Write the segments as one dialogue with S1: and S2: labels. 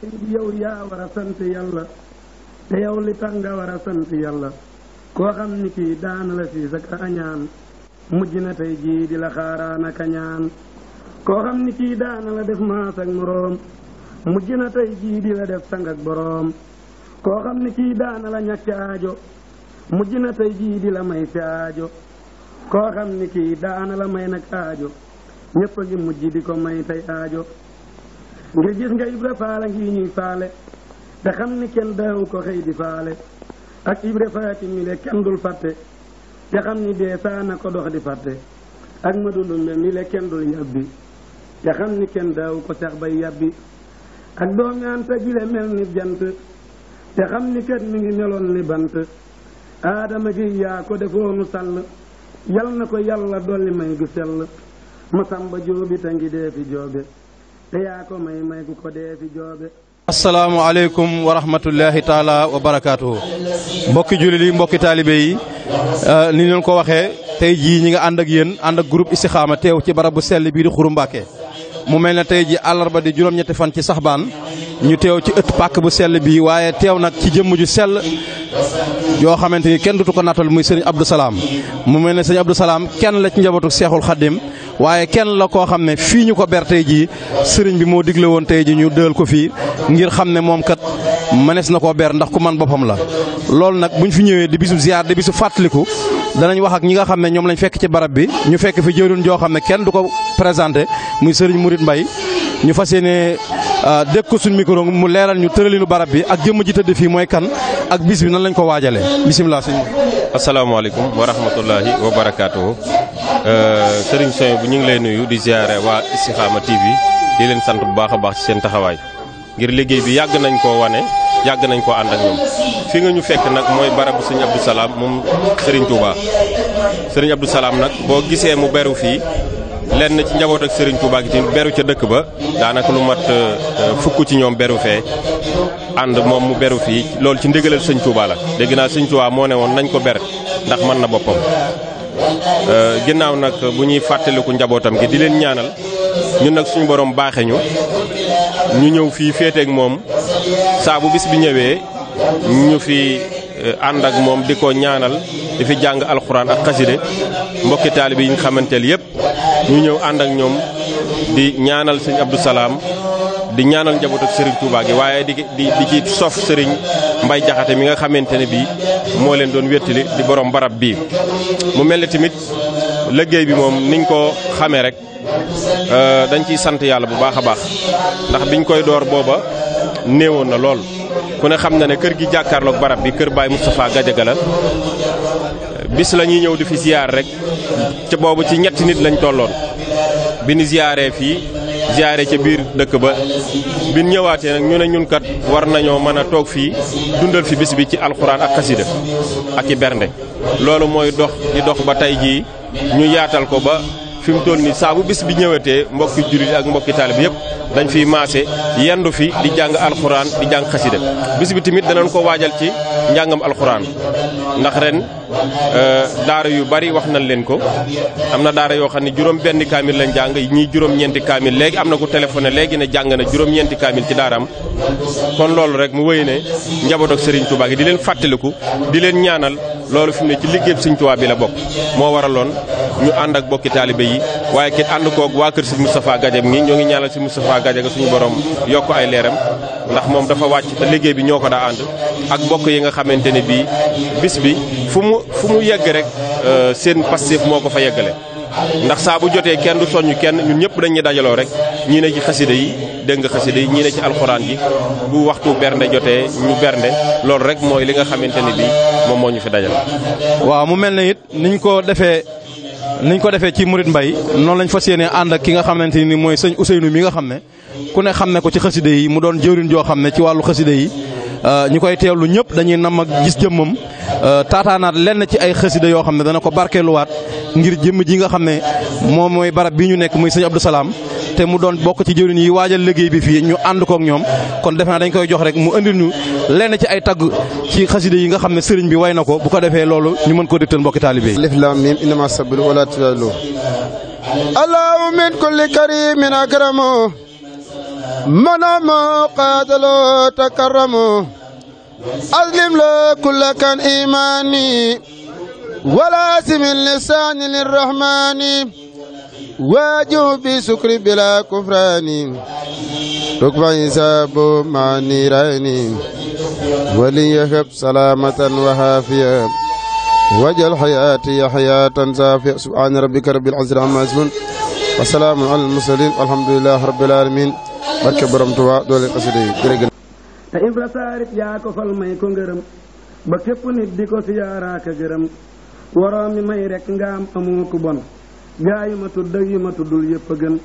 S1: bi yow yaa war a sant yàlla te yow li tax nga war a sant yàlla koo xam ni kii daana la siis ak añaan mujj na tey jii di la xaaraan ak añaan koo xam ni kii daana la def maas ak moroom mujj na tey jii di la def sang ak boroom koo xam ni kii daana la ñàkk aajo mujj na tey jii di la may si aajo koo xam ni kii daana la may nag aajo ñëpp a mujj di ko may tey aajo nga gis nga Ibra Faal ngi ñuy faale te xam ni kenn daawu ko xëy di faale ak ibre Faati mi le kenn dul fàtte te xam ni dee saa na ko dox di fàtte ak Madu Ndumbe mi le kenn dul yàbbi te xam ni kenn daawu ko sax ba yàbbi ak doomi Anta ji mel ni jant te xam ni kat mi ngi meloon ni bant aadama gi yaa ko defoonu sàll yal na ko yàlla dolli may gu sell Masamba Joobi ta ngi dee fi joobe yaa ko may may ku ko dee fi joobe
S2: asalaamaaleykum wa rahmatullahi mbokki jullit mbokki taalibe yi euh, ni ñu ko waxee tey jii ñi nga ànd ak yéen ànd ak groupe Istikhama teew ci barab bu sell bii di Xuru mu mel ne tey ji àllarba di juróom-ñetti fan ci saxbaan ñu teew ci ëtt pàkk bu sel bii waaye teew nag ci jëmm ju sell yoo xamante ni kenn dutu ko nattal muy sëriñ Abdou Salaam mu mel ne sëriñ Abdou Salaam kenn la ci njabootu seexul xaddim waaye kenn la koo xam ne fii ñu ko ber tey jii sëriñ bi moo digle woon tey ji ñu dël ko fii ngir xam ne moom kat mënees na ko ber ndax ku man boppam la loolu nag bu ñu fi ñëwee di bisu ziar di bisu fàttaliku danañ wax ak ñi nga xam ne ñoom lañ fekk ci barab bi ñu fekk fi jëwriñ joo xam ne kenn du ko présenté muy sëriñ Mouride mbay ñu fas yéene euh, dëkk ko suñ micro mu leeral ñu tëralinu barab bi ak jëmm ji tëdd fii mooy kan ak bis bi nan lañ ko waajalee bisimilah sëñ
S3: asalaamaaleykum wa rahmatullahi wa barakaatuhu euh, sëriñ Sow bu ñu ngi lay nuyu di ziare waa Istikhama TV di leen sant bu baax a baax seen taxawaay ngir liggéey bi yàgg nañ koo wane yàgg nañ ko ànd ak ñoom fi nga ñu fekk nag mooy barabu sëñ Abdou Salaam moom Serigne Touba Serigne Abdou Salaam nag boo gisee mu beru fii lenn ci njaboot ak sëriñ Touba gi ci beru ca dëkk ba daanaka lu mat euh, fukk ci ñoom beru fee ànd moom mu beru fii loolu ci ndigalal sëñ Touba la dégg naa sëñ Touba moo ne woon nañ ko ber ndax mën na boppam euh, ginnaaw nag bu ñuy fàttaliku njabootam gi di leen ñaanal ñu nag suñu borom baaxee ñu ñu ñëw fii féeteek moom saa bu bis bi ñëwee ñu fi eh, ànd ak moom di ko ñaanal di fi jàng alxuraan ak xaside mbokki taalibe yi ñu xamanteel yépp ñu ñëw ànd ak ñoom di ñaanal sëñ Abdou Salaam di ñaanal njabootu sëriñ Touba gi waaye di di di ci sof sëriñ Mbay Jaxate mi nga xamante ne bii moo leen doon wéttali di borom barab bii mu mel ne tamit liggéey bi moom niñ ko xamee rek euh, dañ ciy sant yàlla bu baax a baax ndax biñ koy door booba néewoon na lool ku ne xam na ne kër gi jàkkaarloog barab bi kër Baye Moustapha Gadiaga la bis la ñuy ñëw di fi ziar rek ca boobu ci ñetti nit lañ tolloon bi ñu ziaree fii ziare ca biir dëkk ba bi ñëwaatee nag ñu ne ñunkat war nañoo mën a toog fii dundal fi bis bi ci alxuraan ak xasida ak i bernde loolu mooy dox di dox ba tey jii ñu yaatal ko ba fi mu toll nii saa bis bi ñëwatee mbokki jullit ak mbokki taalib yëpp dañ fiy maase yendu fi di jàng alxuraan di jàng xasida bis bi tamit danañ ko waajal ci njàngam alxuraan ndax ren Euh, daara yu bari wax nañ leen ko am na daara yoo xam ne juróom-benn kaamil lañ jàng yi ñii juróom-ñeenti kaamil léegi am na ku téléphoné léegi ne jàng na juróom-ñeenti kaamil ci daaraam kon loolu rek mu wéy ne njaboot ak Serigne Touba gi di leen fàttaliku di leen ñaanal loolu fi mu ne ci liggéeyam Serigne Touba bi la bokk moo waraloon ñu ànd ak bokki taalibe yi waaye kit ànd koog waa kër Serigne Moustapha Gadiaga ngi ñoo ngi ñaanal Serigne Moustapha Gadiaga suñu borom yokk ay leeram ndax moom dafa wàcc liggéey bi ñoo ko daa ànd ak bokk yi nga xamante ne bii bis bi fu mu fu mu yegg rek euh, seen Pastef moo ko fa yeggale ndax saa bu jotee kenn du soññ kenn ñun ñëpp dañuy dajaloo rek ñii ne ci xasida yi dégg nga xasida yi ñii ne ci alxuraan ji bu waxtu bernde jotee mu bernde loolu rek mooy li nga xamante ne bii moom moo ñu fi dajal.
S2: waaw mu mel ne it niñ ko defee niñ ko defee ci Murit Mbay noonu lañ fa yéenee ànd ak ki nga xamante nii mooy sëñ Ousseynou mi nga xam ne ku ne xam ne ko ci xasida yi mu doon jëwriñ joo xam ne ci wàllu xasida yi. Euh, ñi koy teewlu ñëpp dañuy nam ak gis jëmmam euh, taataanaat lenn ci ay xasida yoo xam ne dana ko barkeeluwaat ngir jëmm ji nga xam ne moom mooy barab bi ñu nekk muy sëñ Abdou Salaam te mu doon bokk ci jëriñ yi waajal liggéey bi fii ñu ànd kook ñoom kon defe naa dañ koy jox rek mu indi ñu lenn ci ay tagg ci xasida yi nga xam ne sëriñ bi way na ko bu ko defee loolu ñu mën ko dégtal mbokki taalibe yi alif laam miim innama sabru wala tulaloo allahu min kulli مناموا قاتلوا تكرموا أظلم له كل كان إيماني ولا سم اللسان للرحمن واجه بسكر بلا كفران ركبا يساب مع النيرين وليهب سلامة وهافية وجل حياتي حياة زافية سبحان ربك رب العزة عما يصفون وسلام على المرسلين والحمد لله رب العالمين barke borom Tuubaa doole xasida yi
S1: jërëjëf te ibra saarit yaa ko fal may ko ngërëm ba képp nit di ko siyaaraaka gërëm waroom mi may rek nga am amoo ku bon gaa yu ma tudd ak yu ma tuddul yépp a gën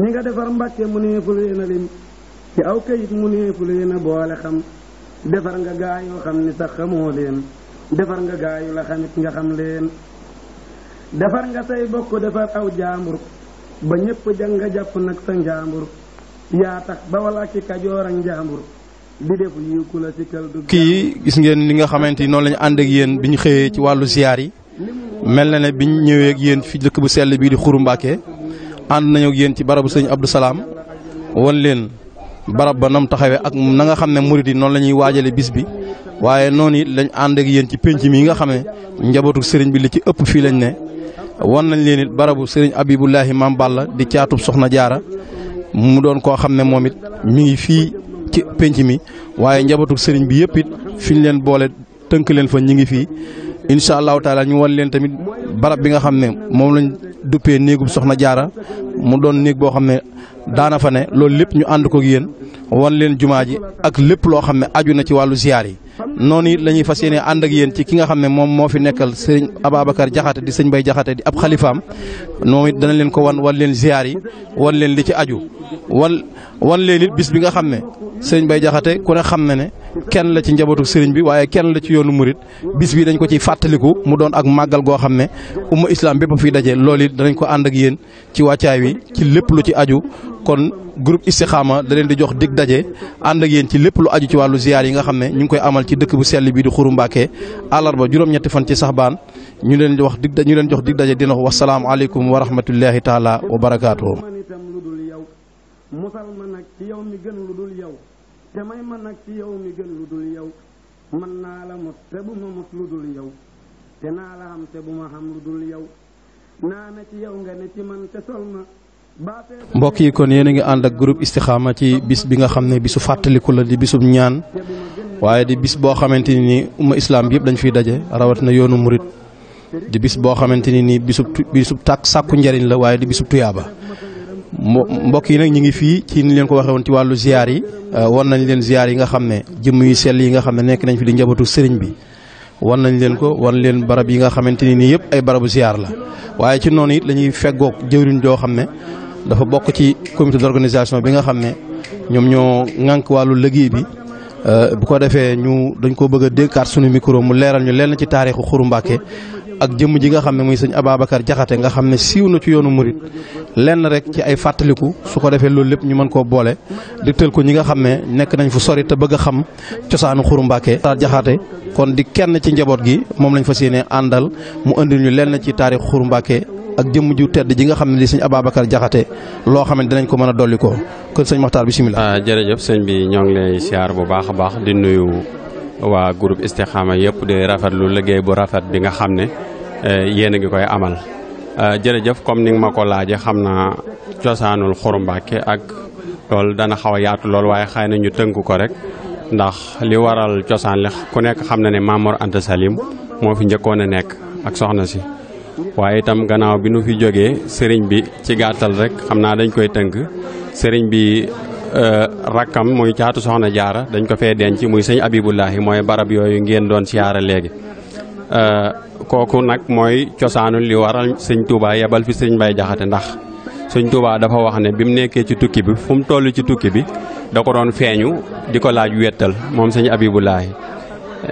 S1: ñi nga defar mbàkke mu neefu leen a lim ci aw kayit mu neefu leen boole xam defar nga gaa yoo xam ni sax xamoo leen defar nga gaa yu la xamit nga xam leen defar nga say bokk defar aw jaambur ba ñépp jàng nga jàpp nag sa njaambur yaa tax
S2: kii gis ngeen li nga xamante ni noonu lañu ñu ànd yéen bi ñu xëyee ci wàllu ziyaar yi mel na ne bi ñu ñëwee ak yéen fi dëkk bu sell bii di Xuru Mbàkke ànd nañu ak yéen ci barabu sëñ Abdou Salaam wan leen barab ba nam taxawee ak na nga xam ne murid yi noonu la ñuy waajale bis bi waaye noonu it lañ ànd ak yéen ci pénc mi nga xam ne njabootu sëriñ bi li ci ëpp fii lañ ne wan nañ leen it barabu sëriñ Abibullahi Maam la di caatub Soxna Jaara mu doon koo xam ne moom it mi ngi fii ci penc mi waaye njabootu sëriñ bi yëpp it fi ñu leen boole tënk leen fa ñi ngi fii incha allahu taala ñu wan leen tamit barab bi nga xam ne moom lañ duppee néegub soxna jaara mu doon néeg boo xam ne daana fa ne loolu lépp ñu ànd ko ak yéen wan leen jumaa ji ak lépp loo xam ne aju na ci wàllu ziyaar yi noonu it la ñuy fas yéene ànd ak yéen ci ki nga xam ne moom moo fi nekkal sëriñ Ababacar Jaxate di sëñ Bay Jaxate di ab xalifaam moom it dana leen ko wan wan leen ziyaar yi wan leen li ci aju wal wan leen bis bi nga xam ne sëriñ Bay Jaxate ku ne xam na ne kenn la ci njabootu sëriñ bi waaye kenn la ci yoonu murit bis bi dañ ko ciy fàttaliku mu doon ak màggal goo xam ne umma islam bépp fiy daje loolu it danañ ko ànd ak yéen ci wàccaay wi ci lépp lu ci aju kon groupe Istikhama da leen di jox dig daje ànd ak yéen ci lépp lu aju ci wàllu ziyaar yi nga xam ne ñu ngi koy amal ci dëkk bu sell bii di Xuru Mbàkke àllarba juróom-ñetti fan ci Saxbaan ñu leen di wax dig ñu leen jox dig daje dina wax wasalaamu aleykum wa rahmatullahi taala wa barakaatuhu
S1: musal ma nag ci yow mi gën lu dul yow ma nag yow mi gën naa la yow naa la xam lu yow naa na yow nga ne
S2: mbokk yi kon yéen a ngi ànd ak groupe istixaama ci bis bi nga xam ne bisu fàttaliku la di bisub ñaan waaye di bis boo xamante ni umma islam bi yëpp dañ fiy daje rawatina yoonu murit di bis boo xamante ni bisub bisub tàkk sàkku njariñ la waaye di bisub tuyaaba mbokk yi nag ñu ngi fii ci ni leen ko waxee woon ci wàllu ziar yi euh, wan nañ leen ziar yi nga xam ne jëmm yu sell yi nga xam ne nekk nañ fi di njabootu sëriñ bi wan nañ leen ko wan leen barab yi nga xamante ni nii yëpp ay barabu ziar la waaye ci noonu it la ñuy feggoog joo xam ne dafa bokk ci comité d'organisation bi nga xam ne ñoom ñoo ŋànk wàllu liggéey bi euh, bu ko defee ñu dañ ko bëgg a dékkaat suñu micro mu leeral ñu lenn ci taarixu Xuru Mbàkke ak jëmm ji nga xam ne muy sëñ Ababacar Jaxate nga xam ne siiw na ci yoonu murit lenn rek ci ay fàttaliku su ko defee loolu lépp ñu mën koo boole di tël ko ñi nga xam ne nekk nañ fu sori te bëgg a xam cosaanu Xuru Mbàkke tar Jaxate kon di kenn ci njaboot gi moom lañu fa yéene àndal mu indi ñu lenn ci taarix Xuru Mbàkke ak jëmm ju tedd ji nga xam ne di sëñ Ababacar Jaxate loo xam ne dinañ ko mën a dolli ko kon sëñ Maxtaar bisimilah.
S4: Ah, jërëjëf sëñ bi ñoo ngi lay siyaar bu baax a baax di nuyu waa groupe Istikhama yëpp di rafetlu liggéey bu rafet bi nga xam ne Eh, yéen a ngi koy amal eh, jërëjëf comme ni nga ma ko laaje xam naa cosaanul Xuru Mbàkke ak loolu dana xaw yaatu lool waaye xëy na ñu tënk ko rek ndax li waral cosaan li ku nekk xam na ne Mamor Anta Salim moo fi njëkkoon a nekk ak soxna si waaye itam gannaaw bi nu fi jógee sëriñ bi ci gàttal rek xam naa dañ koy tënk sëriñ bi eh, rakkam muy caatu soxna jaara dañu ko fee denc muy sëñ Abibullahi mooy barab yooyu ngeen doon siyaara léegi Euh, kooku nag mooy cosaanu li waral sëñ Touba yebal fi sëñ Mbaye Jaxate ndax sëñ Touba dafa wax ne bi mu nekkee ci tukki bi fu mu toll ci tukki bi da ko doon feeñu di ko laaj wéttal moom sëñ Abibulaay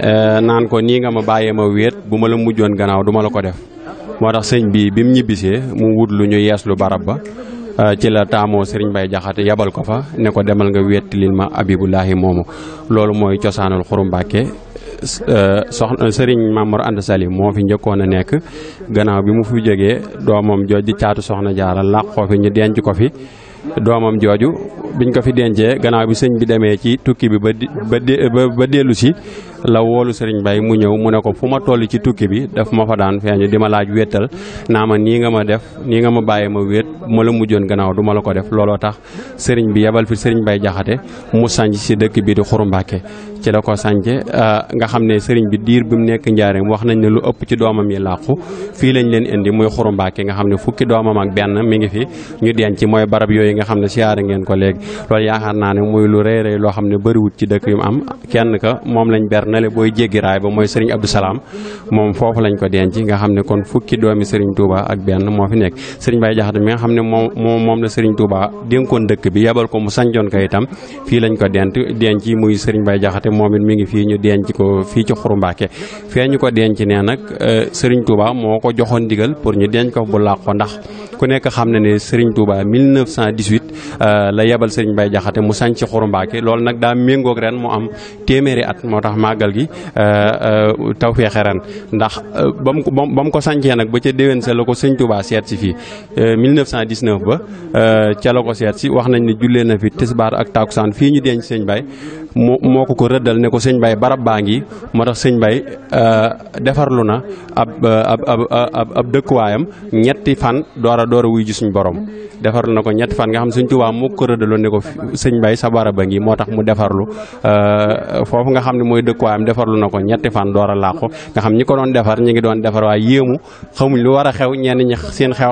S4: euh, naan ko nii nga ma bàyyee ma wéet bu ma la mujjoon gannaaw duma la ko def moo tax sëñ bi bi mu ñibbisee mu wut lu ñu yees lu barab ba euh, ci la taamoo sëriñ bay Jaxate yabal ko fa ne ko demal nga wéttilil ma Abibulaahi moomu loolu mooy cosaanul xurumbàkke Uh, soxna sëriñ Mamour Anta Sali moo fi njëkkoon a nekk gannaaw bi mu fi jógee doomam jooj di caatu soxna jaara làqoo fi ñu denc ko fi doomam jooju biñ ko fi dencee gannaaw bi sëñ bi demee ci tukki bi ba ba dellu si la woolu sëriñ Bay mu ñëw mu ne ko fu ma toll ci tukki bi daf ma fa daan feeñu di ma laaj wéttal naa ma nii nga ma def nii nga ma bàyyi ma wéet ma la mujjoon gannaaw du la ko def looloo tax sëriñ bi yebal fi sëriñ Bay jaxate mu sanc si dëkk bi di xurumbàkke ci la ko sànce euh, nga xam ne sëriñ bi diir bi mu nekk njaareem wax nañ ne lu ëpp ci doomam yi làqu fii lañ leen indi muy xurumbàkke nga xam ne fukki doomam ak benn mi ngi fi ñu denc mooy barab yooyu nga xam ne siyaare ngeen ko léegi loolu yaakaar loo xam ne bëriwut ci dëkk yu mu am kenn moom lañ nale booy jéggi raay ba mooy sëriñ Abdou Salaam moom foofu lañ ko denc nga xam ne kon fukki doomi sëriñ Touba ak benn moo fi nekk sëriñ Baye Jaxate mi nga xam ne moom moom moom la sëriñ Touba dénkoon dëkk bi yebal ko mu sanjoon ko itam fii lañ ko dent denc muy sëriñ Baye Jaxate moom mi ngi fii ñu denc ko fii ci Xuru Mbàkke fee ñu ko denc nee nag euh, sëriñ Touba moo ko joxoon ndigal pour ñu denc ko bu làq ko ndax ku nekk xam ne ne sëriñ Touba 1918 euh, la yebal sëriñ Baye Jaxate mu sanc Xuru Mbàkke loolu nag daa méngoog ren mu am téeméeri at moo tax màggal gi euh, euh, taw feexe ndax ba mu euh, ba mu ko sancee nag ba ca déwén sa la ko sëñ Touba seet si fii 1919 ba ca la ko seet si wax nañ ne jullee na fi tisbaar ak taakusaan fii ñu denc sëñ Baye moo moo ko ko rëddal ne ko sëñ Baye barab baa ngi moo tax sëñ Baye defarlu na ab ab ab ab dëkkuwaayam ñetti fan doora a door wuy ji suñ borom defarlu na ko ñetti fan nga xam sëñ Touba moo ko ko rëddaloon ne ko sëñ Baye sa barab a ngi moo tax mu defarlu foofu nga xam ne mooy dëkkuwaay waayeem defarlu na ko ñetti fan door a làqu nga xam ñi ko doon defar ñi ngi doon defar waaye yéemu xamuñ lu war a xew ñenn ñi seen xew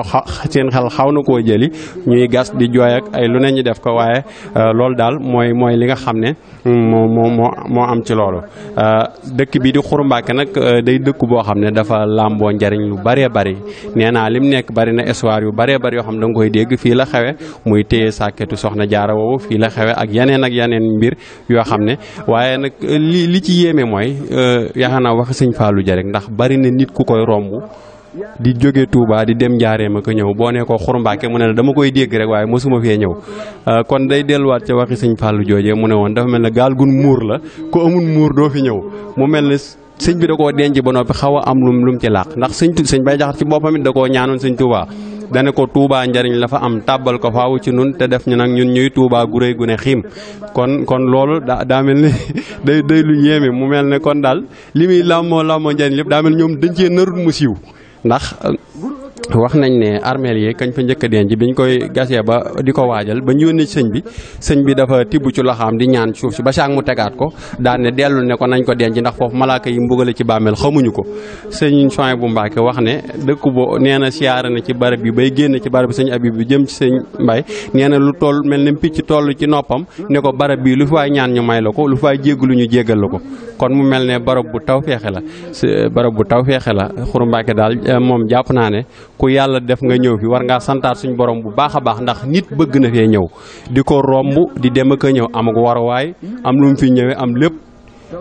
S4: seen xel xaw na koo jëli ñuy gas di jooy ak ay lu ne ñu def ko waaye euh, loolu daal mooy mooy li nga xam ne mm, moo moo moo moo am ci loolu euh, dëkk bi di Xuru Mbàkke nag euh, day dëkk boo xam ne dafa làmboo njariñ lu bëree bëri nee naa lim nekk bëri na histoire yu bëree bëri yoo xam ne da nga koy dégg fii la xewe muy téye sàkketu soxna jaara woowu fii la xewe ak yeneen ak yeneen mbir yoo xam ne yéeme mooy euh, yaakaar naa wax sëñ Fallou ja rek ndax bari na nit ku koy romb di jóge Touba di dem njaareem ak ñëw boo ne ko xurumbaake mu ne la dama koy dégg rek waaye mosuma fee ñëw euh, kon day delluwaat ca waxi sëñ Fallou jooje mu ne woon dafa mel ne gaal gun muur la ku amul muur doo fi ñëw mu mel ne sëñ bi da koo denc ba noppi xaw a am lum lum ci làq ndax sëñ sëñ bay jaxat ci boppam it da koo ñaanoon sëñ Touba dana ko tuubaa njariñ la fa am tàbbal ko faaw ci nun te def ñu nag ñun ñuy tuubaa gu rëy gu ne xiim kon kon loolu daa daa mel ni day day lu yéeme mu mel ne kon daal li muy làmmoo làmmoo njariñ lépp daa mel ñoom dañ cee narut mu siiw ndax wax nañ ne armeel yi kañ fa njëkk a bi ñu koy gasee ba di ko waajal ba ñu yónnee sëñ bi sëñ bi dafa tibb ci loxaam di ñaan suuf si ba saak mu tegaat ko daan ne dellu ne ko nañ ko denc ndax foofu malaaka yi mbugale ci bàmmeel xamuñu ko sëñ Soin bu mbaake wax ne dëkk bo nee na siyaara na ci barab bi bay génn ci barab bi sëñ Abib bu jëm ci sëñ Mbay nee na lu toll mel ne picc toll ci noppam ne ko barab bii lu faay ñaan ñu may la ko lu faay jéggalu ñu jéggal ko kon mu mel ne barab bu taw feexe la barab bu taw feexe la Xuru Mbàkke daal moom jàpp naa ne ku yàlla def nga ñëw fi war ngaa santaat suñu borom bu baax a baax ndax nit bëgg na fee ñëw di ko romb di dem ak a ñëw am ak waruwaay am lu mu fi ñëwee am lépp.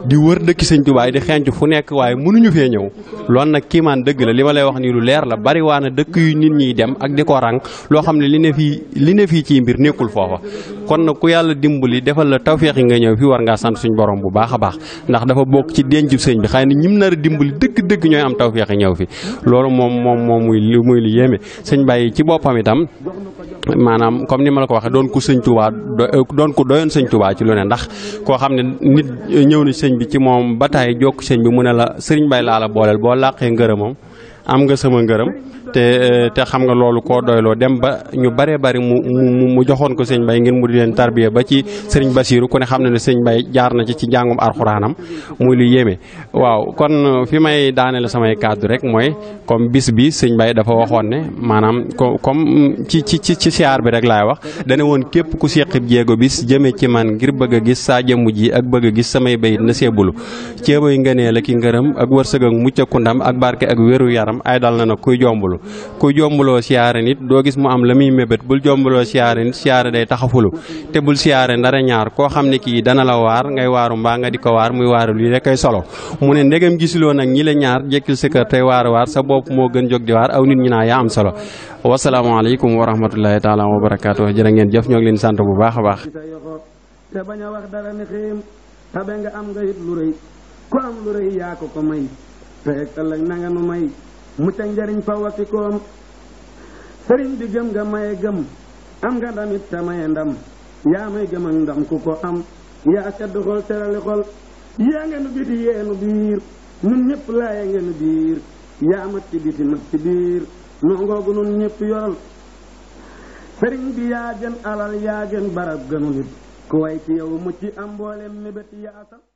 S4: di wër dëkki sëñ Tuubaa di xenc fu nekk waaye mënuñu fee ñëw loolu nag kiimaan dëgg la li ma lay wax nii lu leer la bari waa na dëkk yu nit ñiy dem ak di ko rang loo xam ne li ne fii li ne fii ci mbir nekkul foofa kon nag ku yàlla dimbali defal la tawféex yi nga ñëw fii war ngaa sant suñu borom bu baax a baax ndax dafa bokk ci denc sëñ bi xëy na ñim nar a dimbali dëgg dëgg ñooy am tawféex yi ñëw fi loolu moom moom moom muy li muy li yéeme sëñ Baye ci boppam itam maanaam comme ni ma la ko waxee doon ku sëñ Tuubaa euh, doon ku doyoon sëñ Tuubaa ci lu ne ndax koo xam ne nit ñëw na sëñ bi ci moom ba tàyyi jokk sëñ bi mu ne la sëriñ bay laa la booleel boo làqee ngërëmam am nga sama ngërëm te eh, te xam nga loolu koo doyloo dem ba ñu bare bari mu mu joxoon ko sëñ Bay ngir mu di leen tarbiya ba ci sëriñ Basiiru ku ne xam na ne sëñ Bay jaar na ci ci njàngum arxuraanam muy lu yéeme. waaw kon fi may daaneel samay kàddu rek mooy comme bis bi sëñ Bay dafa waxoon ne maanaam comme ci ci ci siyaar bi rek laay wax dana woon képp ku seqib jéego bi jëme ci man ngir bëgg a gis saa jëmm ji ak bëgg a gis samay bayit na seebulu ceebay nee la ki ngërëm ak wërsëg ak mucc ak ndam ak barke ak wéru yaram ay dal na nag kuy jombulu ku jombaloo siyaare nit doo gis mu am la muy mébét bul jombaloo siyaare nit siyaare day taxafulu te bul siyaare ndara ñaar koo xam ne kii dana la waar ngay waaru mbaa nga di ko waar muy waaru lii rek solo mu ne ndegam gisuloo nag ñi la ñaar jekkil sa kër tey waar waar sa bopp moo gën jóg di waar aw nit ñi naa yaa am solo wasalaamaaleykum wa rahmatullahi taala wa barakaatu jërë ngeen jëf ñoo ngi leen sant bu baax a baax
S1: te bañ a wax dara ni xiim tabe mu ca njariñ fa wasikoom sëriñ bi gëm nga maye gëm am nga ndamit te maye ndam yaa may gëm ndam ku ko am yaa sedd xol serali xol yaa nga nu yeenu biir nun ñëpp laaye nga biir yaa mat biti mat ci biir nongoogu nun ñëpp yoral sëriñ bi yaa gën alal yaa gën barab gënu nit ku way ci yow mucc am mboolem mébét yaa asal